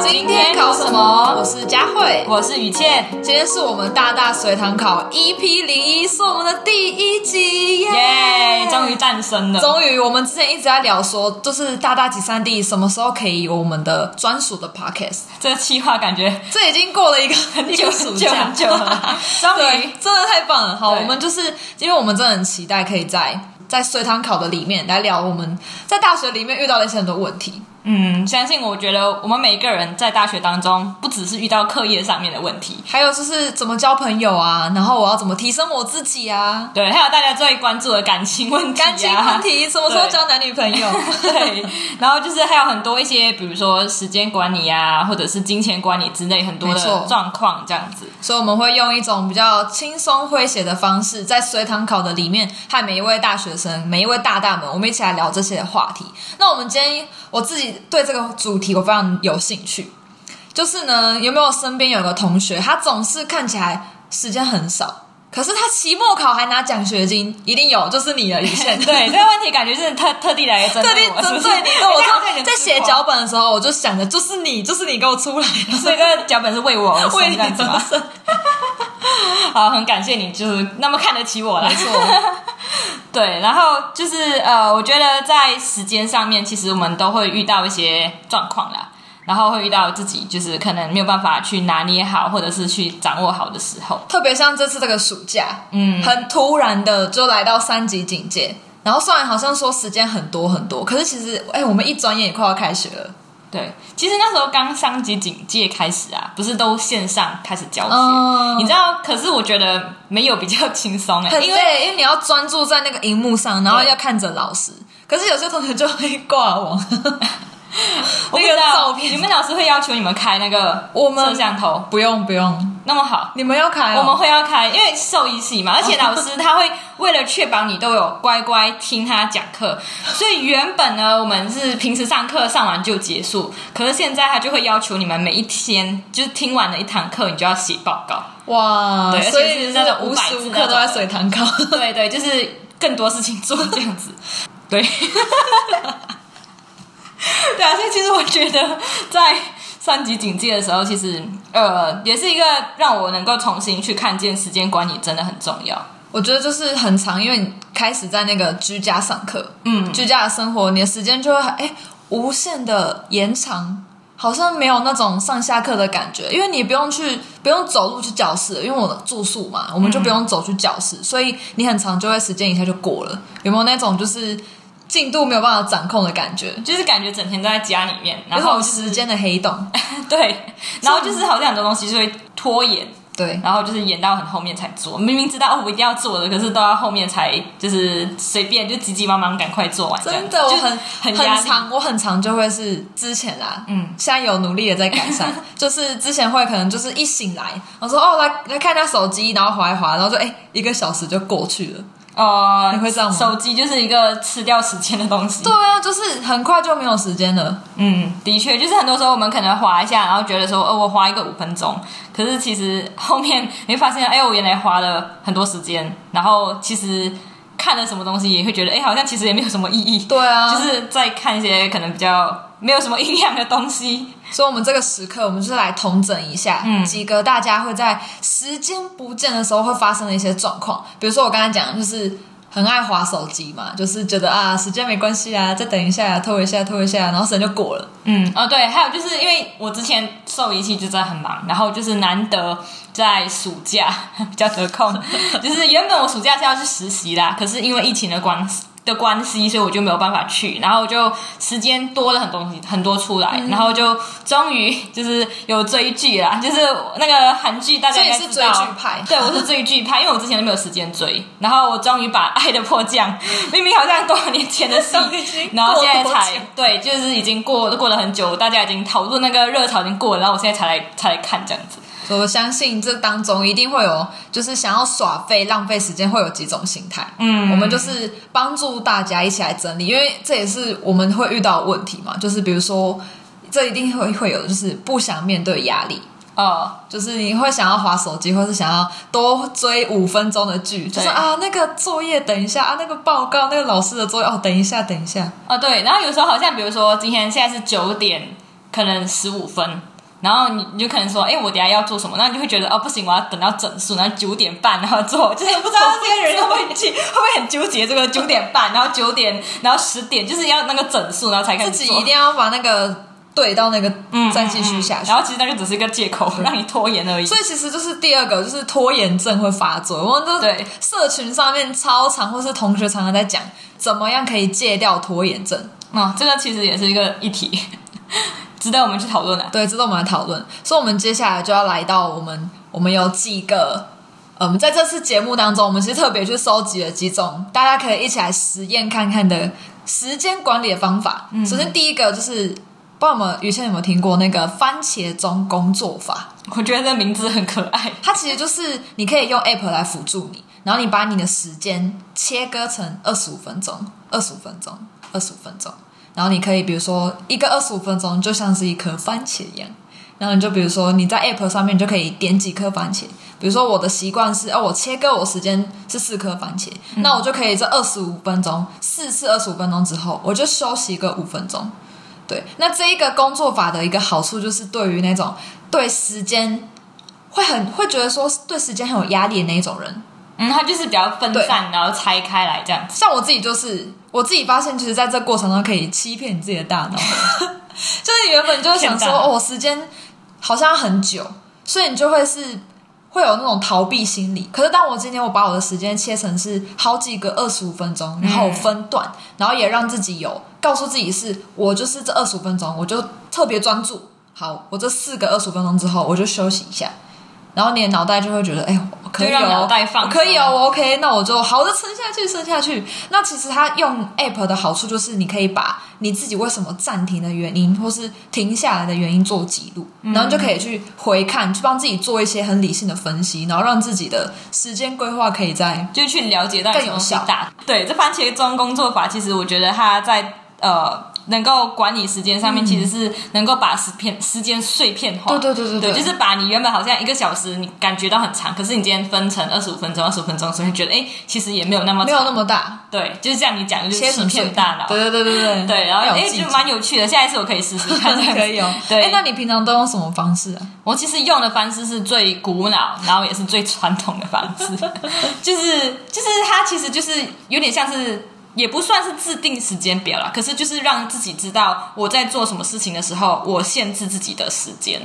今天考什麼，今天什麼？我是佳慧，我是雨倩。今天是我們大大隨堂考 EP 零一，是我們的第一集耶，yeah! Yeah! 終於誕生了！終於，我們之前一直在聊說，就是大大集散地什麼時候可以有我們的專屬的 podcast？這企劃感覺這已經過了一個，一個很久暑假很久了， 對，真的太棒了！好，我們就是因為我們真的很期待可以在在隨堂考的裡面來聊我們在大學裡面遇到的一些很多問題。嗯，相信我覺得我們每一個人在大學當中，不只是遇到課業上面的問題，還有就是怎麼交朋友啊，然後我要怎麼提升我自己啊，對，還有大家最關注的感情問題，啊，感情問題，什麼時候交男女朋友？對， 對，然後就是還有很多一些，比如說時間管理呀，啊，或者是金錢管理之類很多的狀況這樣子。所以我們會用一種比較輕鬆詼諧的方式，在隨堂考的裡面，和每一位大學生，每一位大大們，我們一起來聊這些話題。那我們今天我自己。對這個主題我非常有興趣，就是呢，有沒有身邊有個同學，他總是看起來時間很少。可是他期末考還拿獎學金，一定有，就是你的一線、欸。對， 這個問題感覺就是特特地來針對我，特地針對你。對我在你，在寫腳本的時候，我就想着，就是你， 就是你給我出來。所以這個腳本是為我而生的。生 好，很感謝你，就是那麼看得起我來做。 對，然後就是呃，我覺得在時間上面，其實我們都會遇到一些狀況啦。然後會遇到自己就是可能沒有辦法去拿捏好，或者是去掌握好的時候。特別像這次這個暑假，嗯，很突然的就來到三級警戒。然後雖然好像說時間很多很多，可是其實，哎、欸，我們一轉眼也快要開學了。對，其實那時候剛三級警戒開始啊，不是都線上開始教學。嗯、你知道，可是我覺得沒有比較輕鬆哎、欸，因為因為你要專注在那個螢幕上，然後要看着老師。可是有些同學就會掛我。呵呵 我有照片，你 們老師會要求你們開那個我們攝像頭？不用不用，那麼好，你們要開喔？我們會要開，因為獸醫系嘛，而且老師他會為了確保你都有乖乖聽他講課，所以原本呢，我們是平時上課上完就結束，可是現在他就會要求你們每一天就是聽完了一堂課，你就要寫報告。哇，對，而且是那種無時無刻都在隨堂考，對，對對，就是更多事情做這樣子， 對。 對啊，所以其實我覺得在三級警戒的時候，其實呃，也是一個讓我能夠重新去看見時間管理真的很重要。我覺得就是很常，因為你開始在那個居家上課，嗯，居家的生活，你的時間就會哎無限的延長，好像沒有那種上下課的感覺，因為你不用去不用走路去教室，因為我住宿嘛，我們就不用走去教室，嗯、所以你很常就會時間一下就過了，有沒有那種就是？進度沒有辦法掌控的感覺，就是感覺整天都在家裡面，然後、就是、時間的黑洞。 對， 然後就是好像很多東西就會拖延，對，然後就是延到很後面才做。明明知道我一定要做的，可是都要後面才就是隨便就急急忙忙趕快做完。真的，我很就很長，我很常就會是之前啦、啊，嗯，現在有努力的在改善， 就是之前會可能就是一醒來，我說，哦來來看一下手機，然後滑一滑，然後就哎一個小時就過去了。哦、呃，你會這樣嗎？手機就是一個吃掉時間的東西。對啊，就是很快就沒有時間了。嗯，的確，就是很多時候我們可能滑一下，然後覺得說，哦、呃，我滑一個五分鐘，可是其實後面你會發現，哎，我原來花了很多時間，然後其實。看了什麼東西也會覺得，哎、欸，好像其實也沒有什麼意義。對啊，就是在看一些可能比較沒有什麼營養的東西。所以，我們這個時刻，我們就是來統整一下嗯，幾個大家會在時間不見的時候會發生的一些狀況。比如說，我剛才講的就是。很愛滑手機嘛，就是覺得啊，時間沒關係啊，再等一下，啊，拖一下，拖一下，然後時間就過了。嗯，哦對，還有就是因為我之前受儀器就在很忙，然後就是難得在暑假比較得空， 就是原本我暑假是要去實習啦，可是因為疫情的關係。的關係，所以我就沒有辦法去，然後就時間多了很多很多出來。嗯，然後就終於就是有追劇啦，嗯，就是那個韓劇，大家應該知道，所以是追劇派，對，我是追劇派，因為我之前都沒有時間追，然後我終於把《愛的迫降、嗯》，明明好像多少年前的戲， 然後現在才對，就是已經過過了很久，大家已經討論那個熱潮已經過了，然後我現在才來才來看這樣子。我相信這當中一定會有，就是想要耍廢、浪費時間，會有幾種心態。嗯，我們就是幫助大家一起來整理，因為這也是我們會遇到問題嘛。就是比如說，這一定會會有，就是不想面對壓力哦，就是你會想要滑手機，或是想要多追五分鐘的劇，就是啊，那個作業等一下啊，那個報告，那個老師的作業哦，等一下，等一下哦，對。然後有時候好像，比如說今天現在是九點，可能十五分。然後你你就可能說，哎，我等一下要做什麼？那你就會覺得，哦，不行，我要等到整數，然後九點半然後做，就是不知道這個人會不會很糾結這個九點半，然後九、 這個、點、點，然後十點就是要那個整數，然後才開始做。自己一定要把那個對到那個，嗯，再繼續下去、嗯嗯。然後其實那個只是一個借口，讓你拖延而已。所以其實就是第二個，就是拖延症會發作。我們這社群上面超常，或是同學常常在講，怎麼樣可以戒掉拖延症？啊、哦，這個其實也是一個議題。值得我們去討論的。啊，對，值得我們來討論。所以，我們接下來就要來到我們，我們有幾個，嗯、呃，在這次節目當中，我們其實特別去收集了幾種大家可以一起來實驗看看的時間管理的方法。嗯、首先，第一個就是，不知道我們宇倩有沒有聽過那個番茄鐘工作法？我覺得這名字很可愛。它其實就是你可以用 app 來輔助你，然後你把你的時間切割成二十五分鐘、二十五分鐘、二十五分鐘。然後你可以，比如說一個二十五分鐘，就像是一顆番茄一樣。然後你就比如說你在 App 上面就可以點幾顆番茄。比如說我的習慣是，哦，我切割我時間是四顆番茄，嗯，那我就可以這二十五分鐘，四次二十五分鐘之後，我就休息個五分鐘。對，那這一個工作法的一個好處就是，對於那種對時間會很會覺得說，對時間很有壓力的那一種人，嗯，他就是比較分散，然後拆開來這樣子。像我自己就是。我自己發現，其實在這過程中可以欺騙你自己的大腦， 就是你原本就想說哦，我時間好像很久，所以你就會是會有那種逃避心理。可是當我今天我把我的時間切成是好幾個二十五分鐘，嗯，然後分段，然後也讓自己有告訴自己是我就是這二十五分鐘，我就特別專注。好，我這四個二十五分鐘之後，我就休息一下。然後你的腦袋就會覺得，哎呦，我可以、哦、讓腦袋放，我可以哦我，OK，那我就好的，撐下去，撐下去。那其實它用 App 的好處就是，你可以把你自己為什麼暫停的原因，或是停下來的原因做記錄，嗯、然後就可以去回看，去幫自己做一些很理性的分析，然後讓自己的時間規劃可以在就去了解到更有效。對，這番茄鐘工作法，其實我覺得它在呃。能夠管理時間上面，其實是能夠把時片時間碎片化、嗯。對對對對，對，對，對，就是把你原本好像一個小時，你感覺到很長，可是你今天分成二十五分鐘、二十五分鐘，所以你覺得哎、欸，其實也沒有那麼長，沒有那麼大。對，就是像你講的就是欺騙大腦。對對對對對，對，然後哎、欸，就蠻有趣的。下一次我可以試試看， 可以哦。對、欸，那你平常都用什麼方式啊？我其實用的方式是最古老，然後也是最傳統的方式， 就是就是它其實就是有點像是。也不算是制定時間表了，可是就是讓自己知道我在做什麼事情的時候，我限制自己的時間。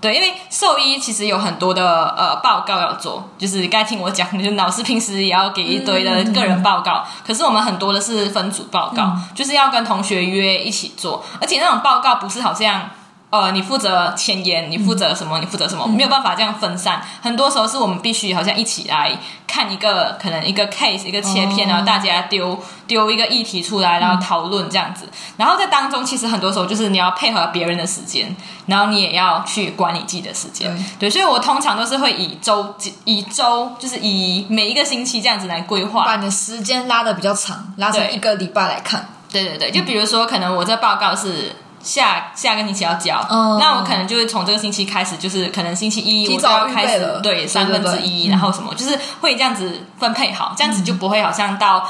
對，因為獸醫其實有很多的呃報告要做，就是該聽我講，就是老師平時也要給一堆的個人報告，嗯嗯，可是我們很多的是分組報告，嗯，就是要跟同學約一起做，而且那種報告不是好像。呃，你負責前言、嗯，你負責什麼？你負責什麼、嗯？沒有辦法這樣分散。很多時候是我們必須好像一起來看一個可能一個 case 一個切片，哦、然後大家丟丟一個議題出來，然後討論這樣子。嗯、然後在當中，其實很多時候就是你要配合別人的時間，然後你也要去管理自己的時間、嗯。對，所以我通常都是會以周以周就是以每一個星期這樣子來規劃，把你的時間拉得比較長，拉成一個禮拜來看對。對對對，就比如說可能我這報告是。嗯下下個星期要交，嗯，那我可能就會從這個星期開始，就是可能星期一我就要開始，對，三分之一，然後什麼，嗯，就是會這樣子分配好，這樣子就不會好像到，嗯、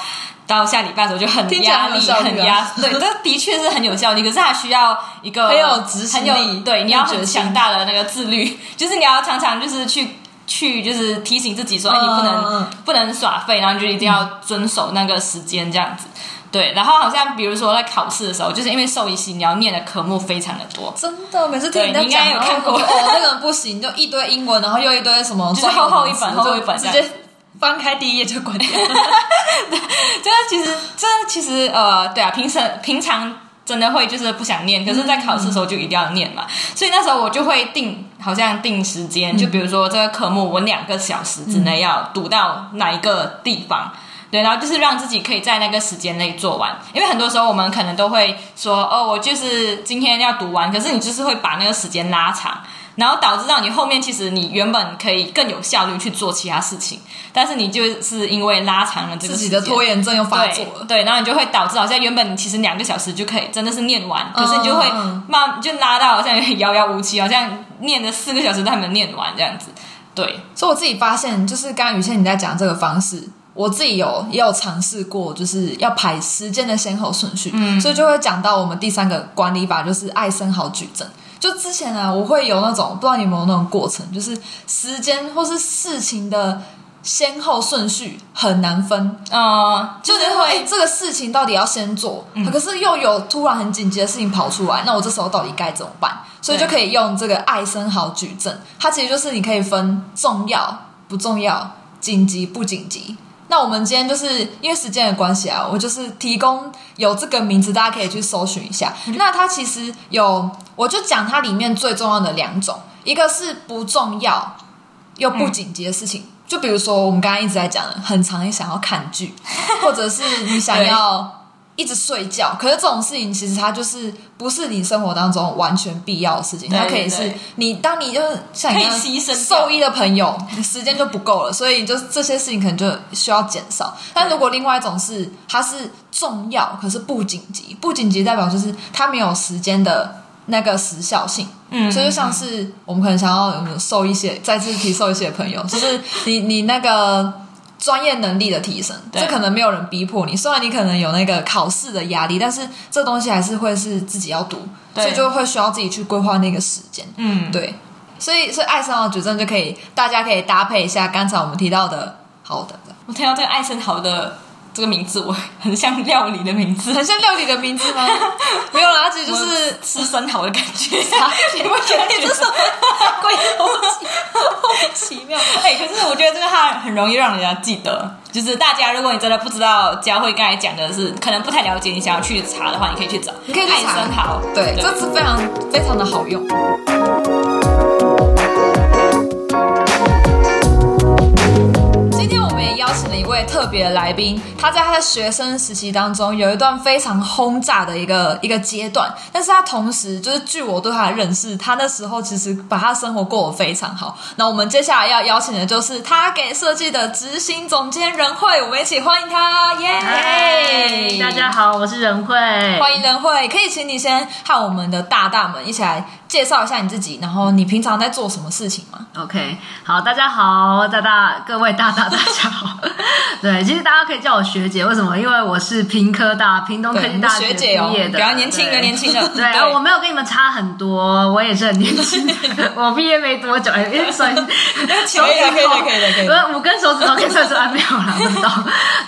到下禮拜的時候就很壓力，啊、很壓，對，這的確是很有效率， 可是它需要一個很有執行力，對，你要很強大的那個自律，就是你要常常就是去去就是提醒自己說，哎、嗯，你不能不能耍廢，然後你就一定要遵守那個時間，這樣子。對，然後好像比如說在考試的時候，就是因為獸醫系你要念的科目非常的多，真的，每次聽你講，你應該有看過，我這、哦，那個不行，就一堆英文，然後又一堆什麼，就是厚厚一本厚厚一本，後就一本直接翻開第一頁就滾掉。這、 就是、其實這、就是、其實呃，對啊，平時平常真的會就是不想念，可是在考試的時候就一定要念嘛。嗯、所以那時候我就會定好像定時間、嗯，就比如說這個科目我兩個小時之內要讀到哪一個地方。嗯嗯對，然後就是讓自己可以在那個時間內做完，因為很多時候我們可能都會說，哦，我就是今天要讀完，可是你就是會把那個時間拉長，然後導致到你後面其實你原本可以更有效率去做其他事情，但是你就是因為拉長了自己的拖延症又發作了對，對，然後你就會導致好像原本其實兩個小時就可以真的是念完，嗯、可是你就會慢、嗯、就拉到好像有點遙遙無期，好像念了四個小時都還沒念完這樣子，對，所以我自己發現就是剛剛宇倩你在講這個方式。我自己有也有嘗試過，就是要排時間的先後順序，嗯，所以就會講到我們第三個管理法，就是艾森豪矩陣。就之前啊，我會有那種不知道你有沒有那種過程，就是時間或是事情的先後順序很難分啊，哦，就會、欸、這個事情到底要先做，可是又有突然很緊急的事情跑出來，嗯、那我這時候到底該怎麼辦？所以就可以用這個艾森豪矩陣，它其實就是你可以分重要不重要、緊急不緊急。不緊急那我們今天就是因為時間的關係啊，我就是提供有這個名字，大家可以去搜尋一下。那它其實有，我就講它裡面最重要的兩種，一個是不重要又不緊急的事情，就比如說我們剛剛一直在講的，很常一想要看劇，或者是你想要。一直睡覺，可是這種事情其實它就是不是你生活當中完全必要的事情。對對對，它可以是你，當你就是像你一樣受益的朋友，時間就不夠了，所以就這些事情可能就需要減少。嗯，但如果另外一種是，它是重要，可是不緊急，不緊急代表就是它沒有時間的那個時效性。嗯，所以就像是我們可能想要有沒有受一些， 再次提受一些朋友，就是你你那個。專業能力的提升，嗯，這可能沒有人逼迫你。雖然你可能有那個考試的壓力，但是這東西還是會是自己要讀，所以就會需要自己去規劃那個時間。嗯，對，所以所以艾森豪矩陣就可以，大家可以搭配一下剛才我們提到的，好的。我聽到這個艾森豪的。這個名字我很像料理的名字，很像料理的名字嗎？ 沒有啦，其實就是吃生蠔的感覺。 感覺 你們覺得這是很貴、很 奇妙？哎、 欸，可是我覺得這個它很容易讓人家記得。就是大家，如果你真的不知道佳慧剛才講的是，可能不太了解，你想要去查的話，你可以去找你可以去查愛生蠔。對，這是非常非常的好用。特別的來賓，他在他的學生時期當中有一段非常轟炸的一個一個階段，但是他同時就是據我對他的認識，他那時候其實把他生活過得非常好。那我們接下來要邀請的就是他給設計的執行總監仁蕙，我們一起歡迎他，耶、yeah!！大家好，我是仁蕙，歡迎仁蕙。可以請你先和我們的大大們一起來介紹一下你自己，然後你平常在做什麼事情嗎？OK，好，大家好，大大各位大大大家好。 對，其實大家可以叫我學姐，為什麼？因為我是屏科大、屏東科技大學，學姐、哦、畢業的，比較年輕，的。年輕的對對對。對，我沒有跟你們差很多，我也是很年輕， 我畢業沒多久，因為算可以，可以的，可以的，可以，五根手指頭可以算出還沒有了，知道？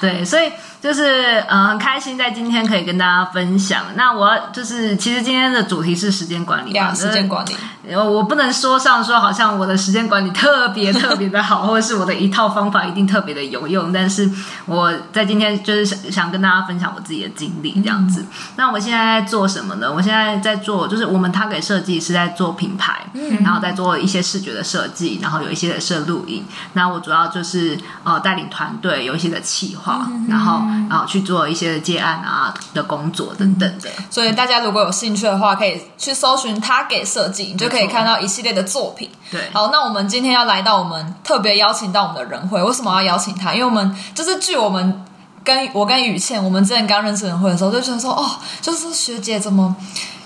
對，所以。就是嗯，很開心在今天可以跟大家分享。那我就是其實今天的主題是時間管、管理，時間管理。我不能說上說好像我的時間管理特別特別的好， 或者是我的一套方法一定特別的有用。但是我在今天就是想跟大家分享我自己的經歷這樣子，嗯。那我現在在做什麼呢？我現在在做，就是我們他給設計是在做品牌，嗯，然後在做一些視覺的設計，然後有一些的設錄音。那我主要就是呃帶領團隊，有一些的企劃，嗯，然後。啊，去做一些的接案啊的工作等等的。所以大家如果有興趣的話，可以去搜尋他給設計，你就可以看到一系列的作品。對，好，那我們今天要來到我們特別邀請到我們的仁蕙，為什麼要邀請他？因為我們就是據我們跟我跟宇倩，我們之前剛認識仁蕙的時候，就覺得說，哦，就是學姐怎麼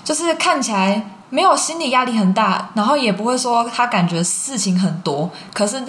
就是看起來沒有心理壓力很大，然後也不會說他感覺事情很多，可是。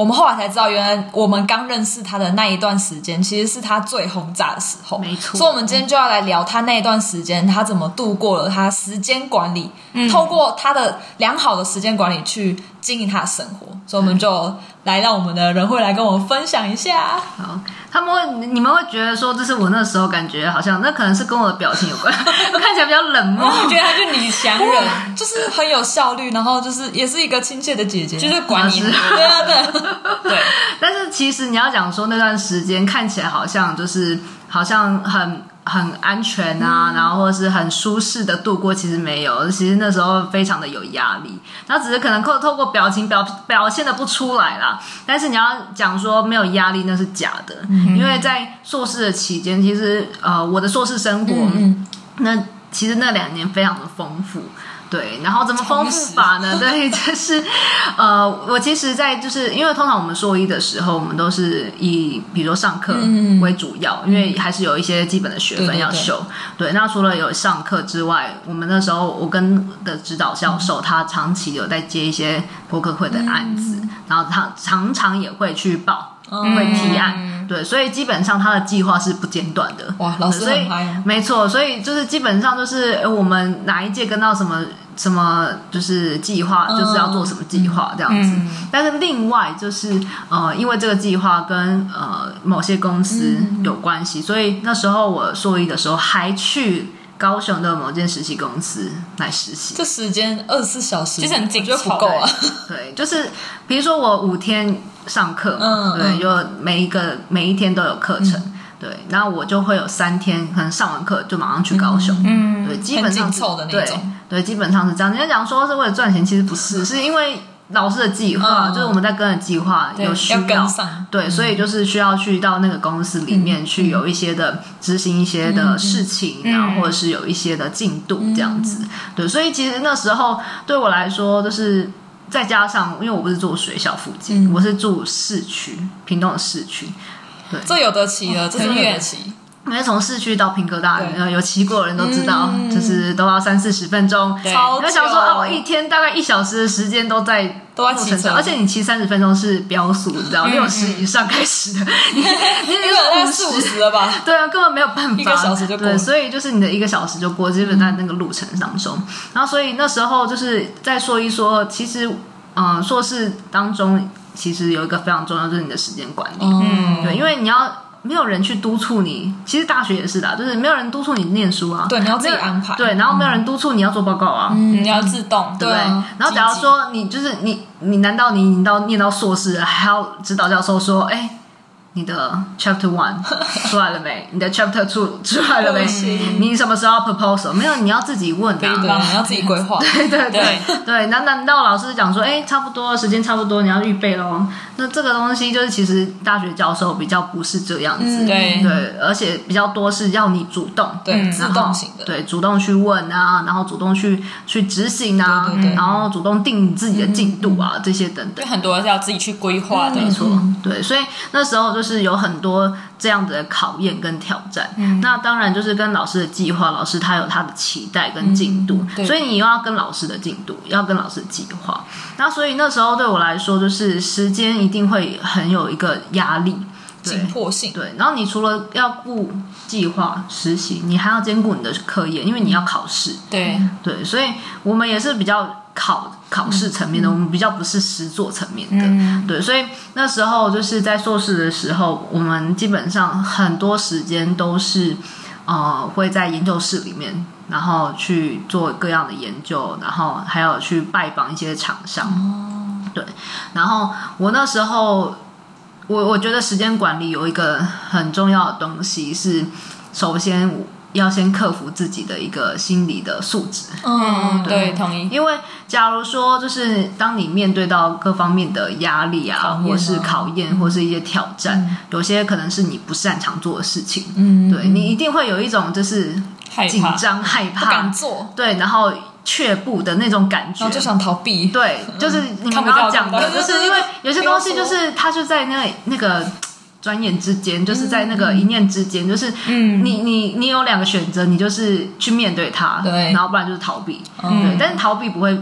我們後來才知道，原來我們剛認識他的那一段時間，其實是他最轟炸的時候。沒錯，所以我們今天就要來聊他那一段時間，他怎麼度過了他時間管理、嗯，透過他的良好的時間管理去經營他的生活。所以我們就來讓我們的仁蕙來跟我們分享一下。好。他們會，你們會覺得說，這是我那時候感覺好像，那可能是跟我的表情有關，我 看起來比較冷漠， 我覺得他就女強人， 就是很有效率，然後就是也是一個親切的姐姐，就是管你對啊對， 對。但是其實你要講說那段時間看起來好像就是好像很。很安全啊，嗯、然後或是很舒適的度過，其實沒有，其實那時候非常的有壓力，那只是可能透透過表情表表現的不出來啦。但是你要講說沒有壓力那是假的、嗯，因為在碩士的期間，其實呃我的碩士生活，嗯、那其實那兩年非常的豐富。對，然後怎麼豐富法呢？ 對，就是，呃，我其實，在就是因為通常我們碩一的時候，我們都是以比如說上課為主要、嗯，因為還是有一些基本的學分要修、嗯對對對。對，那除了有上課之外，我們那時候我跟我的指導教授、嗯，他長期有在接一些博客會的案子、嗯，然後他常常也會去報，嗯、會提案。嗯對，所以基本上他的計劃是不間斷的。哇，老師所以沒錯，所以就是基本上就是、呃、我們哪一屆跟到什麼什麼，就是計劃、嗯、就是要做什麼計劃這樣子、嗯。但是另外就是呃，因為這個計劃跟呃某些公司有關係，嗯、所以那時候我碩一的時候還去。高雄的某間實習公司來實習，這時間二十四小時，其實很緊，就不夠啊。對，對，就是比如說我五天上課，嗯，對，就每一個、嗯、每一天都有課程，嗯、對，然後我就會有三天，可能上完課就馬上去高雄，嗯，對，嗯、基本上是很緊湊的那種對，對，基本上是這樣。你要講說是為了賺錢，其實不是，嗯、是因為。老師的計劃、嗯、就是我們在跟着計劃，有需要，對，要跟上對，所以就是需要去到那個公司裡面、嗯、去有一些的執、嗯、行一些的事情、嗯，然後或者是有一些的進度這樣子、嗯。對，所以其實那時候對我來說，就是再加上因為我不是住學校附近、嗯，我是住市區，屏東的市區。對，這有得騎啊，這是遠起。因為從市區到屏科大，有騎過的人都知道、嗯，就是都要三四十分鐘。他想說，哦，一天大概一小時的時間都在路程上，都在騎車，而且你騎三十分鐘是標速，你、嗯、知道、嗯、六十以上開始的、嗯嗯嗯，你有在四五十、五十了吧？對啊，根本沒有辦法，一小時就過了，所以就是你的一個小時就過，基本在那個路程當中。然後所以那時候就是再說一說，其實，嗯、呃，碩士當中其實有一個非常重要，就是你的時間管理。嗯，對、嗯，因為你要。沒有人去督促你，其實大學也是的啊，就是沒有人督促你念書啊，對沒有，你要自己安排，對，然後沒有人督促你要做報告啊，嗯，嗯，你要自動，對不對？對啊。然後假如說你就是你，你難道你，你到念到碩士還要指導教授說，哎，你的 Chapter One 出來了沒？你的 Chapter Two 出來了沒？你什麼時候要 Proposal 沒有，你要自己問、啊。的。對，對， 你要自己規劃。對對對對,對。那難道老師講說，哎、欸，差不多時間差不多，你要預備嘍。那這個東西就是其實大學教授比較不是這樣子，嗯、對對，而且比較多是要你主動，對、嗯，主動型的，對，主動去問啊，然後主動去去執行啊對對對，然後主動定你自己的進度啊、嗯，這些等等，很多人是要自己去規劃的，沒錯、嗯，對，所以那時候。就是有很多這樣的考驗跟挑戰、嗯，那當然就是跟老師的計劃，老師他有他的期待跟進度、嗯，所以你又要跟老師的進度，要跟老師計劃。那所以那時候對我來說，就是時間一定會很有一個壓力、緊迫性。對，然後你除了要顧計劃、實習，你還要兼顧你的課業，因為你要考試。對對，所以我們也是比較。考考試層面的、嗯，我們比較不是實作層面的、嗯，對，所以那時候就是在碩士的時候，我們基本上很多時間都是，呃，會在研究室裡面，然後去做各樣的研究，然後還有去拜訪一些廠商、哦，對，然後我那時候，我我覺得時間管理有一個很重要的東西是，首先我。要先克服自己的一個心理的素質。嗯，對，對，同意。因為假如說，就是當你面對到各方面的壓力啊，啊，或是考驗，或是一些挑戰，嗯，有些可能是你不擅長做的事情，嗯，對，嗯，你一定會有一種就是緊張、害怕、不敢做，對，然後卻步的那種感覺，然後就想逃避。對，就是你們剛剛講的，的就是因為有些東西就是他就在那那個。轉眼之間，就是在那個一念之間，嗯，就是你，嗯、你你有兩個選擇，你就是去面對它，對，然後不然就是逃避，嗯、對，但是逃避不會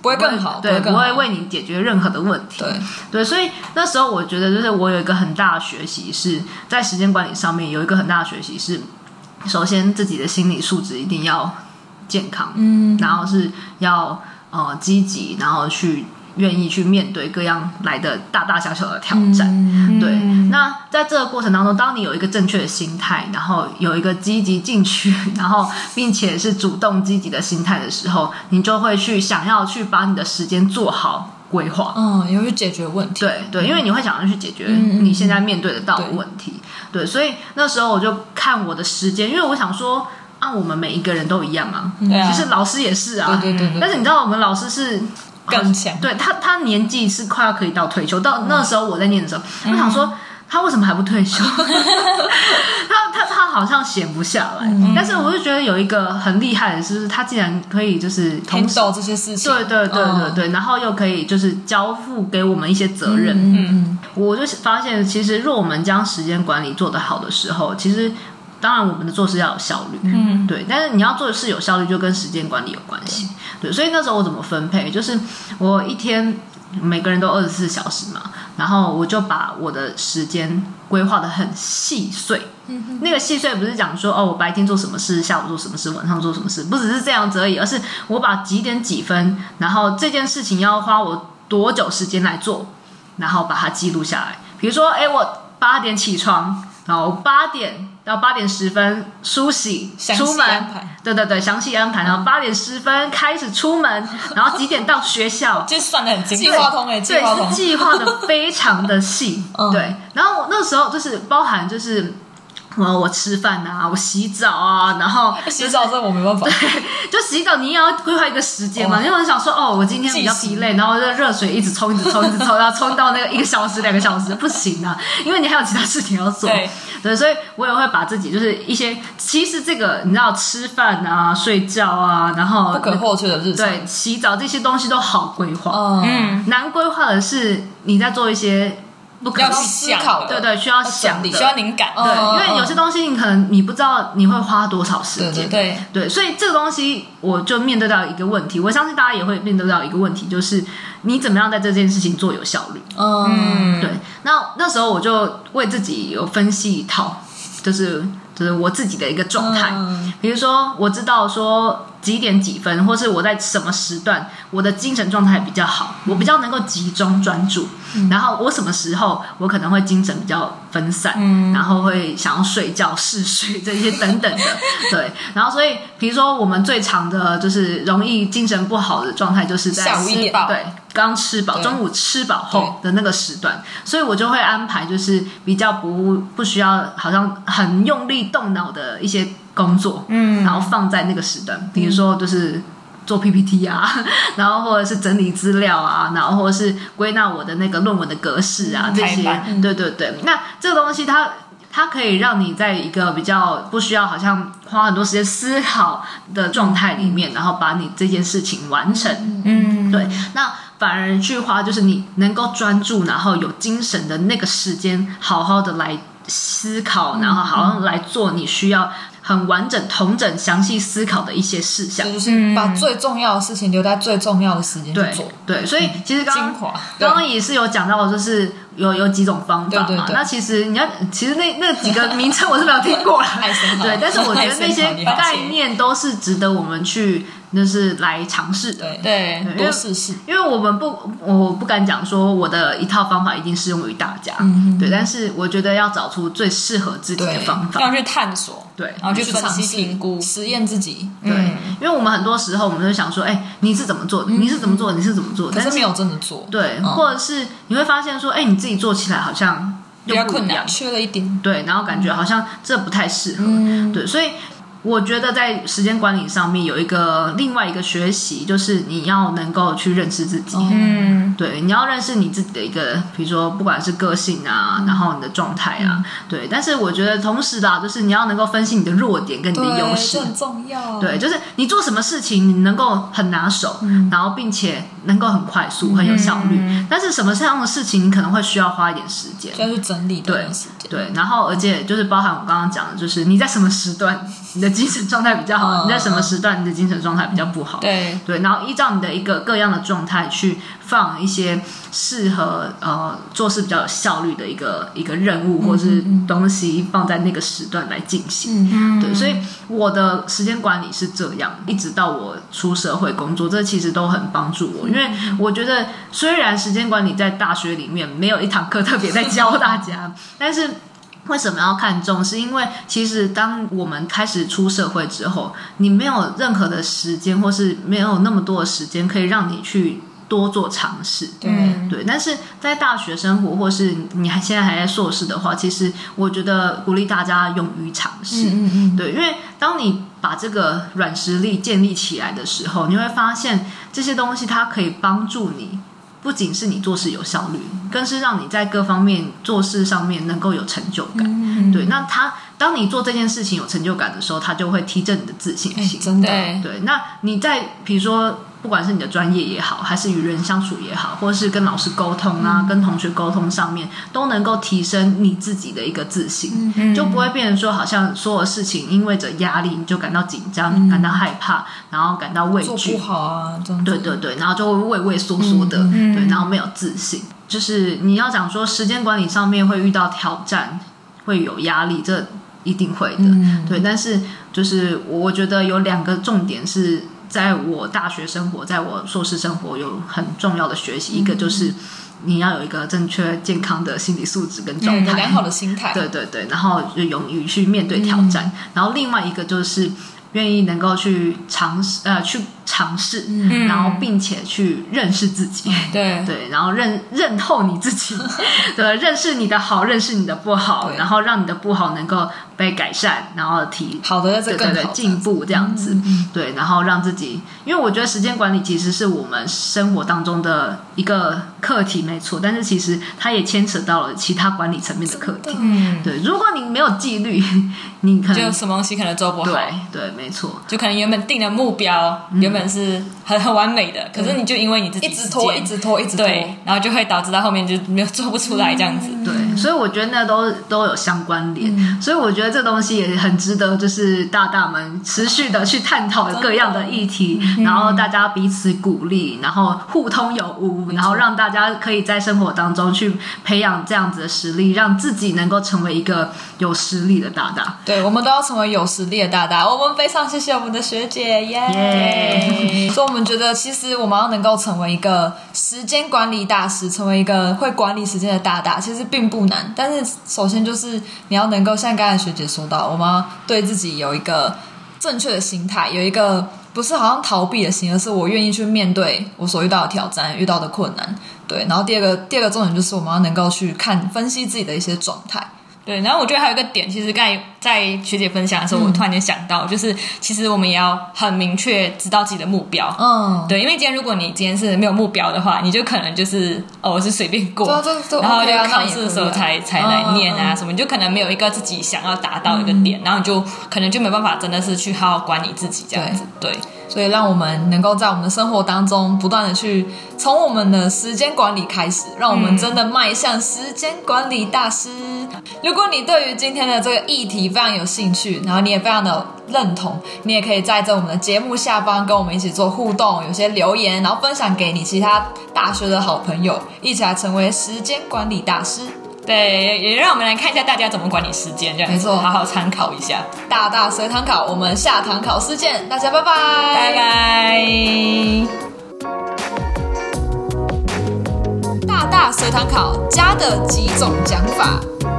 不會更好，對不好，不會為你解決任何的問題，對，對，所以那時候我覺得，就是我有一個很大的學習是在時間管理上面有一個很大的學習是，首先自己的心理素質一定要健康，嗯，然後是要呃、積極，然後去。願意去面對各樣來的大大小小的挑戰，嗯、對、嗯。那在這個過程當中，當你有一個正確的心態，然後有一個積極進取，然後並且是主動積極的心態的時候，你就會去想要去把你的時間做好規劃，嗯、哦，要去解決問題。對對、嗯，因為你會想要去解決你現在面對得到的到問題、嗯嗯對，對。所以那時候我就看我的時間，因為我想說，按、啊、我們每一個人都一樣啊，嗯、其實老師也是啊，嗯、對，對，對，對對。但是你知道，我們老師是。更強、啊，對他，他年紀是快要可以到退休，到那時候我在唸的時候，我想說嗯嗯他為什麼還不退休？ 他他他好像閒不下來嗯嗯，但是我就覺得有一個很厲害的是，他竟然可以就是統籌這些事情，對對對對對,對、嗯，然後又可以就是交付給我們一些責任。嗯嗯,嗯，我就發現其實若我們將時間管理做得好的時候，其實。當然，我們的做事要有效率，嗯，對。但是你要做的事有效率，就跟時間管理有關係，嗯，對。所以那時候我怎麼分配，就是我一天每個人都二十四小時嘛，然後我就把我的時間規劃得很細碎，嗯。那個細碎不是講說哦，我白天做什麼事，下午做什麼事，晚上做什麼事，不只是這樣子而已，而是我把幾點幾分，然後這件事情要花我多久時間來做，然後把它記錄下來。比如說，哎，我八點起床，然後八點。到八點十分梳洗、出門，對對對，詳細安排。嗯、然後八點十分開始出門，然後幾點到學校？ 就算的很精確，計劃通，欸、計劃通，對，是計劃的非常的細、 嗯。對，然後我那時候就是包含就是。我、哦、我吃飯啊，我洗澡啊，然後洗澡這我沒辦法，對就洗澡你也要規劃一個時間嘛，oh, 因為我想說哦，我今天比較疲累，然後熱水一直沖，一直沖，一直沖，要沖到那個一個小時、 兩個小時不行啊，因為你還有其他事情要做對。對，所以我也會把自己就是一些，其實這個你知道，吃飯啊、睡覺啊，然後不可或缺的日常。對洗澡這些東西都好規劃。Oh. 嗯，嗯，難規劃的是你在做一些。不去思考的，對對，需要想的要，需要靈感、嗯，對，因為有些東西你可能你不知道你會花多少時間、嗯對對對，對，所以這個東西我就面對到一個問題，我相信大家也會面對到一個問題，就是你怎麼樣在這件事情做有效率？嗯，對，那那時候我就為自己有分析一套，就是就是我自己的一個狀態，嗯、比如說我知道說。幾點幾分，或是我在什麼時段，我的精神狀態比較好，嗯、我比較能夠集中專注、嗯。然後我什麼時候，我可能會精神比較分散，嗯、然後會想要睡覺、嗜睡這些等等的。 對，然後所以，比如說我們最常的就是容易精神不好的狀態，就是在吃下午一點對剛吃飽，中午吃飽後的那個時段。所以我就會安排就是比較不不需要，好像很用力動腦的一些。工作，嗯，然後放在那個時段，比如說就是做 PPT 啊、嗯，然後或者是整理資料啊，然後或者是歸納我的那個論文的格式啊這些、嗯，對對對。那這個東西它它可以讓你在一個比較不需要好像花很多時間思考的狀態裡面，然後把你這件事情完成。嗯，對。那反而去花就是你能夠專注，然後有精神的那個時間，好好的來思考，嗯、然後好好來做你需要。很完整、統整、詳細思考的一些事項，就是把最重要的事情留在最重要的時間去做，嗯。對，所以其實剛剛精華，剛剛也是有講到，就是有有幾種方法嘛。對對對。那其實你要，其實那那幾個名稱我是沒有聽過啦， 對，但是我覺得那些概念都是值得我們去。.就是來嘗試，對對，多試試。因為我們不，我不敢講說我的一套方法一定適用於大家、嗯，對。但是我覺得要找出最適合自己的方法，要去探索，對，然後去分析評估、實驗自己，對、嗯。因為我們很多時候，我們都想說，哎、欸，你是怎麼做？你是怎麼做？嗯、你是怎麼做？但是，是沒有真的做，對、嗯。或者是你會發現說，哎、欸，你自己做起來好像又不一樣，比較困難，缺了一點，對。然後感覺好像這不太適合、嗯，對。所以。我覺得在時間管理上面有一個另外一個學習，就是你要能夠去認識自己。嗯，對，你要認識你自己的一個，比如說不管是個性啊，然後你的狀態啊，對。但是我覺得同時啦，就是你要能夠分析你的弱點跟你的優勢，很重要。對，就是你做什麼事情你能夠很拿手，然後並且能夠很快速、很有效率。但是什麼樣的事情，你可能會需要花一點時間，要去整理。對對，然後而且就是包含我剛剛講的，就是你在什麼時段你的。精神狀態比較好。呃，你在什麼時段你的精神狀態比較不好？嗯、對對，然後依照你的一個各樣的狀態去放一些適合呃做事比較有效率的一個一個任務、嗯、或是東西放在那個時段來進行，嗯。對，所以我的時間管理是這樣，一直到我出社會工作，這其實都很幫助我，因為我覺得雖然時間管理在大學裡面沒有一堂課特別在教大家，是，但是。為什麼要看重？是因為其實當我們開始出社會之後，你沒有任何的時間，或是沒有那麼多的時間可以讓你去多做嘗試。對、嗯、對。但是在大學生活，或是你還現在還在碩士的話，其實我覺得鼓勵大家勇於嘗試。嗯、嗯嗯。對，因為當你把這個軟實力建立起來的時候，你會發現這些東西它可以幫助你。不僅是你做事有效率，更是讓你在各方面做事上面能夠有成就感。嗯嗯對，那他當你做這件事情有成就感的時候，他就會提振你的自信心。欸，真的，對，那你在比如說，不管是你的專業也好，還是與人相處也好，或者是跟老師溝通啊、嗯，跟同學溝通上面，都能夠提升你自己的一個自信，嗯、就不會變成說，好像所有事情因為着壓力，你就感到緊張、嗯，感到害怕，然後感到畏懼，做不好啊這樣子，對對對，然後就會畏畏縮縮的、嗯，對，然後沒有自信。嗯、就是你要講說時間管理上面會遇到挑戰，會有壓力，這一定會的、嗯，對。但是就是我覺得有兩個重點是。在我大學生活，在我碩士生活有很重要的學習，一個就是你要有一個正確健康的心理素質跟狀態，良好的心態，對對對，然後就勇於去面對挑戰，然後另外一個就是願意能夠去嘗試呃去。嘗試、嗯，然後並且去認識自己，嗯、對對，然後認認透你自己，對，認識你的好，認識你的不好，然後讓你的不好能夠被改善，然後提好的，對對對，對，對，進步、嗯、這樣子，對，然後讓自己，因為我覺得時間管理其實是我們生活當中的一個。課題沒錯，但是其實它也牽扯到了其他管理層面的課題。嗯，對，如果你沒有紀律，你可能就什麼東西可能做不好。對，對，沒錯，就可能原本定的目標原本是，嗯。很很完美的，可是你就因為你自己、嗯、一直拖，一直拖，一直拖，然後就會導致到後面就沒有做不出來、嗯、這樣子。對，所以我覺得那都都有相關聯、嗯。所以我覺得這東西也很值得，就是大大們持續的去探討各樣的議題的，然後大家彼此鼓勵，嗯、然後互通有無，然後讓大家可以在生活當中去培養這樣子的實力，讓自己能夠成為一個有實力的大大。對，我們都要成為有實力的大大。我們非常謝謝我們的學姐耶！ 我們覺得，其實我們要能夠成為一個時間管理大師，成為一個會管理時間的大大，其實並不難。但是，首先就是你要能夠像剛才學姐說到，我們要對自己有一個正確的心態，有一個不是好像逃避的心，而是我願意去面對我所遇到的挑戰、遇到的困難。對，然後第二個，第二個重點就是我們要能夠去看分析自己的一些狀態。對，然後我覺得還有一個點，其實剛才在學姐分享的時候，嗯、我突然間想到，就是其實我們也要很明確知道自己的目標。嗯，對，因為今天如果你今天是沒有目標的話，你就可能就是哦，我是隨便過，對對對，然後就要考試的時候才、嗯、才來念啊什麼，你就可能沒有一個自己想要達到一個點，嗯、然後就可能就沒辦法真的是去好好管理自己這樣子。對，對所以讓我們能夠在我們的生活當中不斷的去從我們的時間管理開始，讓我們真的邁向時間管理大師。嗯如果你對於今天的這個議題非常有興趣，然後你也非常的認同，你也可以在這我們的節目下方跟我們一起做互動，有些留言，然後分享給你其他大學的好朋友，一起來成為時間管理大師。對，也讓我們來看一下大家怎麼管理時間，這樣沒錯，好好參考一下。大大隨堂考，我們下堂考試見，大家拜拜，拜拜。大大隨堂考，家的幾種講法？